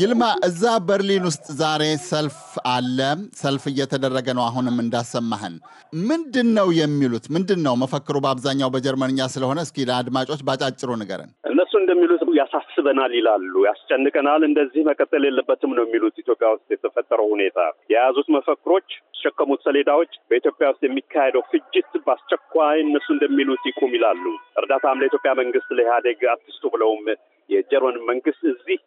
ይልማ፣ እዛ በርሊን ውስጥ ዛሬ ሰልፍ አለ። ሰልፍ እየተደረገ ነው። አሁንም እንዳሰማህን ምንድን ነው የሚሉት? ምንድን ነው መፈክሩ? በአብዛኛው በጀርመንኛ ስለሆነ እስኪ ለአድማጮች ባጫጭሩ ንገረን። እነሱ እንደሚሉት ያሳስበናል ይላሉ። ያስጨንቀናል፣ እንደዚህ መቀጠል የለበትም ነው የሚሉት። ኢትዮጵያ ውስጥ የተፈጠረው ሁኔታ፣ የያዙት መፈክሮች፣ የተሸከሙት ሰሌዳዎች በኢትዮጵያ ውስጥ የሚካሄደው ፍጅት በአስቸኳይ እነሱ እንደሚሉት ይቁም ይላሉ። እርዳታም ለኢትዮጵያ መንግስት፣ ለኢህአዴግ አትስጡ ብለውም የጀርመን መንግስት እዚህ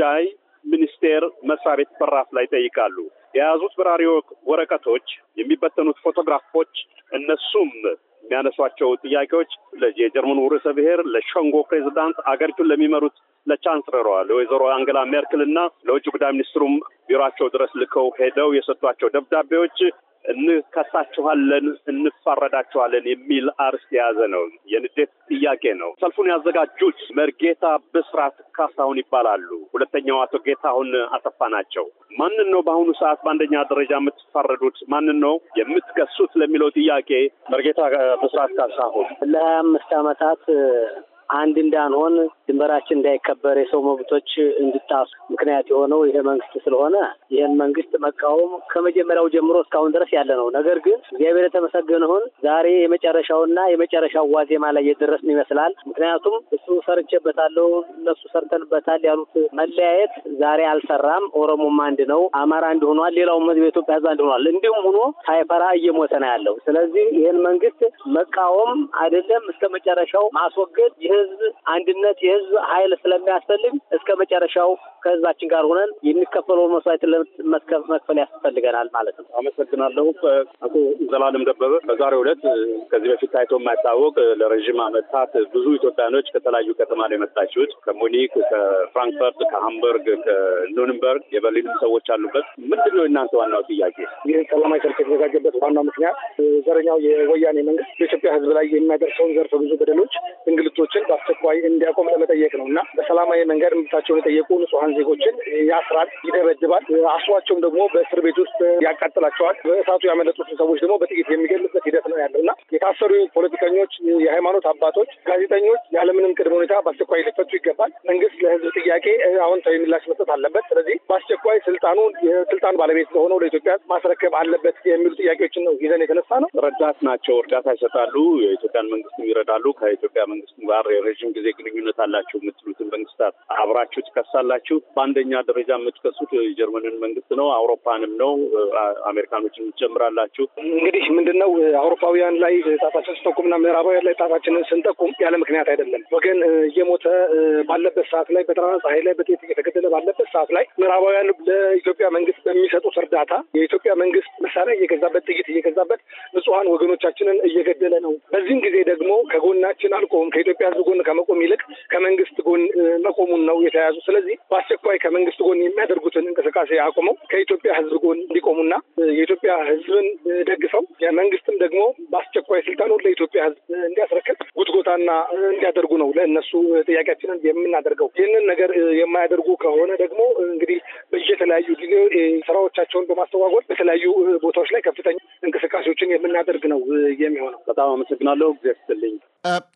ጉዳይ ሚኒስቴር መስሪያ ቤት በራፍ ላይ ይጠይቃሉ። የያዙት በራሪ ወረቀቶች፣ የሚበተኑት ፎቶግራፎች፣ እነሱም የሚያነሷቸው ጥያቄዎች የጀርመኑ ርዕሰ ብሔር ለሸንጎ ፕሬዚዳንት አገሪቱን ለሚመሩት ለቻንስለሯ ለወይዘሮ አንገላ ሜርክል እና ለውጭ ጉዳይ ሚኒስትሩም ቢሯቸው ድረስ ልከው ሄደው የሰጧቸው ደብዳቤዎች እንከሳችኋለን፣ እንፋረዳችኋለን የሚል አርስ የያዘ ነው። የንዴት ጥያቄ ነው። ሰልፉን ያዘጋጁት መርጌታ ብስራት ካሳሁን ይባላሉ። ሁለተኛው አቶ ጌታሁን አሰፋ ናቸው። ማንን ነው በአሁኑ ሰዓት በአንደኛ ደረጃ የምትፋረዱት? ማንን ነው የምትከሱት ለሚለው ጥያቄ መርጌታ ብስራት ካሳሁን ለሀያ አምስት ዓመታት አንድ እንዳንሆን ድንበራችን እንዳይከበር የሰው መብቶች እንዲጣሱ ምክንያት የሆነው ይሄ መንግስት ስለሆነ ይህን መንግስት መቃወም ከመጀመሪያው ጀምሮ እስካሁን ድረስ ያለ ነው። ነገር ግን እግዚአብሔር የተመሰገነ ይሁን ዛሬ የመጨረሻውና የመጨረሻው ዋዜማ ላይ የደረስን ይመስላል። ምክንያቱም እሱ ሰርቼበታለሁ እነሱ ሰርተንበታል ያሉት መለያየት ዛሬ አልሰራም። ኦሮሞም አንድ ነው፣ አማራ አንድ ሆኗል፣ ሌላውም ህዝብ የኢትዮጵያ ህዝብ አንድ ሆኗል። እንዲሁም ሆኖ ሳይፈራ እየሞተ ነው ያለው። ስለዚህ ይህን መንግስት መቃወም አይደለም እስከ መጨረሻው ማስወገድ የህዝብ አንድነት የህዝብ የህዝብ ኃይል ስለሚያስፈልግ እስከ መጨረሻው ከህዝባችን ጋር ሆነን የሚከፈለውን መስዋዕትነት መክፈል ያስፈልገናል ማለት ነው። አመሰግናለሁ። አቶ ዘላለም ደበበ በዛሬው ዕለት ከዚህ በፊት ታይቶ የማይታወቅ ለረዥም ዓመታት ብዙ ኢትዮጵያኖች ከተለያዩ ከተማ ነው የመጣችሁት። ከሙኒክ፣ ከፍራንክፈርት፣ ከሃምበርግ፣ ከኑንበርግ የበርሊንም ሰዎች አሉበት። ምንድን ነው እናንተ ዋናው ጥያቄ? ይህ ሰላማዊ ሰልፍ የተዘጋጀበት ዋናው ምክንያት ዘረኛው የወያኔ መንግስት በኢትዮጵያ ህዝብ ላይ የሚያደርሰውን ዘርፈ ብዙ በደሎች፣ እንግልቶችን በአስቸኳይ እንዲያቆም ለመ መጠየቅ ነው እና በሰላማዊ መንገድ መብታቸውን የጠየቁ ንጹሐን ዜጎችን ያስራል፣ ይደበድባል፣ አስሯቸውም ደግሞ በእስር ቤት ውስጥ ያቃጥላቸዋል። በእሳቱ ያመለጡትን ሰዎች ደግሞ በጥቂት የሚገልበት ሂደት ነው ያለው እና የታሰሩ ፖለቲከኞች፣ የሃይማኖት አባቶች፣ ጋዜጠኞች ያለምንም ቅድመ ሁኔታ በአስቸኳይ ሊፈቱ ይገባል። መንግስት ለህዝብ ጥያቄ አዎንታዊ ምላሽ መስጠት አለበት። ስለዚህ በአስቸኳይ ስልጣኑን የስልጣን ባለቤት ለሆነው ለኢትዮጵያ ማስረከብ አለበት የሚሉ ጥያቄዎችን ነው ይዘን የተነሳ ነው። ረዳት ናቸው፣ እርዳታ ይሰጣሉ፣ የኢትዮጵያን መንግስትም ይረዳሉ። ከኢትዮጵያ መንግስት ጋር የረዥም ጊዜ ግንኙነት አለ ትከሳላችሁ የምትሉትን መንግስታት አብራችሁ ትከሳላችሁ። በአንደኛ ደረጃ የምትከሱት የጀርመንን መንግስት ነው፣ አውሮፓንም ነው፣ አሜሪካኖችን ትጨምራላችሁ። እንግዲህ ምንድነው አውሮፓውያን ላይ ጣታችን እና ምዕራባውያን ላይ ጣታችንን ስንጠቁም ያለ ምክንያት አይደለም። ወገን እየሞተ ባለበት ሰዓት ላይ በጠራራ ፀሐይ ላይ በጤት እየተገደለ ባለበት ሰዓት ላይ ምዕራባውያን ለኢትዮጵያ መንግስት በሚሰጡት እርዳታ የኢትዮጵያ መንግስት መሳሪያ እየገዛበት ጥይት እየገዛበት ንጹሀን ወገኖቻችንን እየገደለ ነው። በዚህም ጊዜ ደግሞ ከጎናችን አልቆም ከኢትዮጵያ ሕዝብ ጎን ከመቆም ይልቅ ከመንግስት ጎን መቆሙን ነው የተያዙ። ስለዚህ በአስቸኳይ ከመንግስት ጎን የሚያደርጉትን እንቅስቃሴ አቁመው ከኢትዮጵያ ህዝብ ጎን እንዲቆሙና የኢትዮጵያ ህዝብን ደግፈው መንግስትም ደግሞ በአስቸኳይ ስልጣኑን ለኢትዮጵያ ህዝብ እንዲያስረክብ ጉትጎታና እንዲያደርጉ ነው ለእነሱ ጥያቄያችንን የምናደርገው። ይህንን ነገር የማያደርጉ ከሆነ ደግሞ እንግዲህ በየተለያዩ ጊዜ ስራዎቻቸውን በማስተጓጎል በተለያዩ ቦታዎች ላይ ከፍተኛ እንቅስቃሴዎችን የምናደርግ ነው የሚሆነው። በጣም አመሰግናለሁ። እግዚአብሔር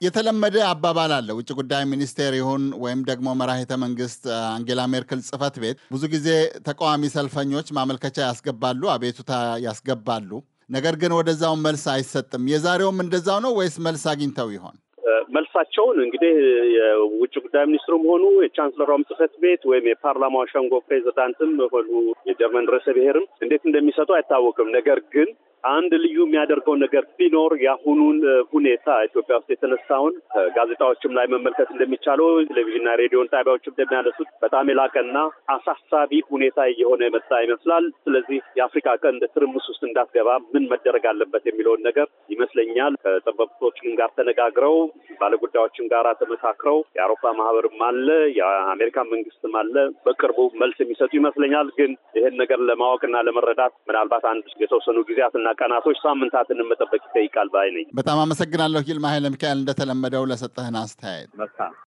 የተለመደ አባባል አለ። ውጭ ጉዳይ ሚኒስቴር ይሁን ወይም ደግሞ መራሄተ መንግስት አንጌላ ሜርክል ጽህፈት ቤት ብዙ ጊዜ ተቃዋሚ ሰልፈኞች ማመልከቻ ያስገባሉ፣ አቤቱታ ያስገባሉ። ነገር ግን ወደዛው መልስ አይሰጥም። የዛሬውም እንደዛው ነው ወይስ መልስ አግኝተው ይሆን? መልሳቸውን እንግዲህ የውጭ ጉዳይ ሚኒስትሩም ሆኑ የቻንስለሯም ጽህፈት ቤት ወይም የፓርላማው ሸንጎ ፕሬዚዳንትም ሆኑ የጀርመን ርዕሰ ብሔርም እንዴት እንደሚሰጡ አይታወቅም። ነገር ግን አንድ ልዩ የሚያደርገው ነገር ቢኖር የአሁኑን ሁኔታ ኢትዮጵያ ውስጥ የተነሳውን ጋዜጣዎችም ላይ መመልከት እንደሚቻለው ቴሌቪዥንና ሬዲዮን ጣቢያዎች እንደሚያነሱት በጣም የላቀና አሳሳቢ ሁኔታ እየሆነ የመጣ ይመስላል። ስለዚህ የአፍሪካ ቀንድ ትርምስ ውስጥ እንዳትገባ ምን መደረግ አለበት የሚለውን ነገር ይመስለኛል ከጠበብቶችም ጋር ተነጋግረው ባለጉዳዮችም ጋር ተመካክረው የአውሮፓ ማህበርም አለ የአሜሪካ መንግስትም አለ በቅርቡ መልስ የሚሰጡ ይመስለኛል። ግን ይህን ነገር ለማወቅና ለመረዳት ምናልባት አንድ የተወሰኑ ጊዜያትና ቀናቶች፣ ሳምንታትን መጠበቅ ይጠይቃል ባይ ነኝ። በጣም አመሰግናለሁ። ይልማ ኃይለ ሚካኤል እንደተለመደው ለሰጠህን አስተያየት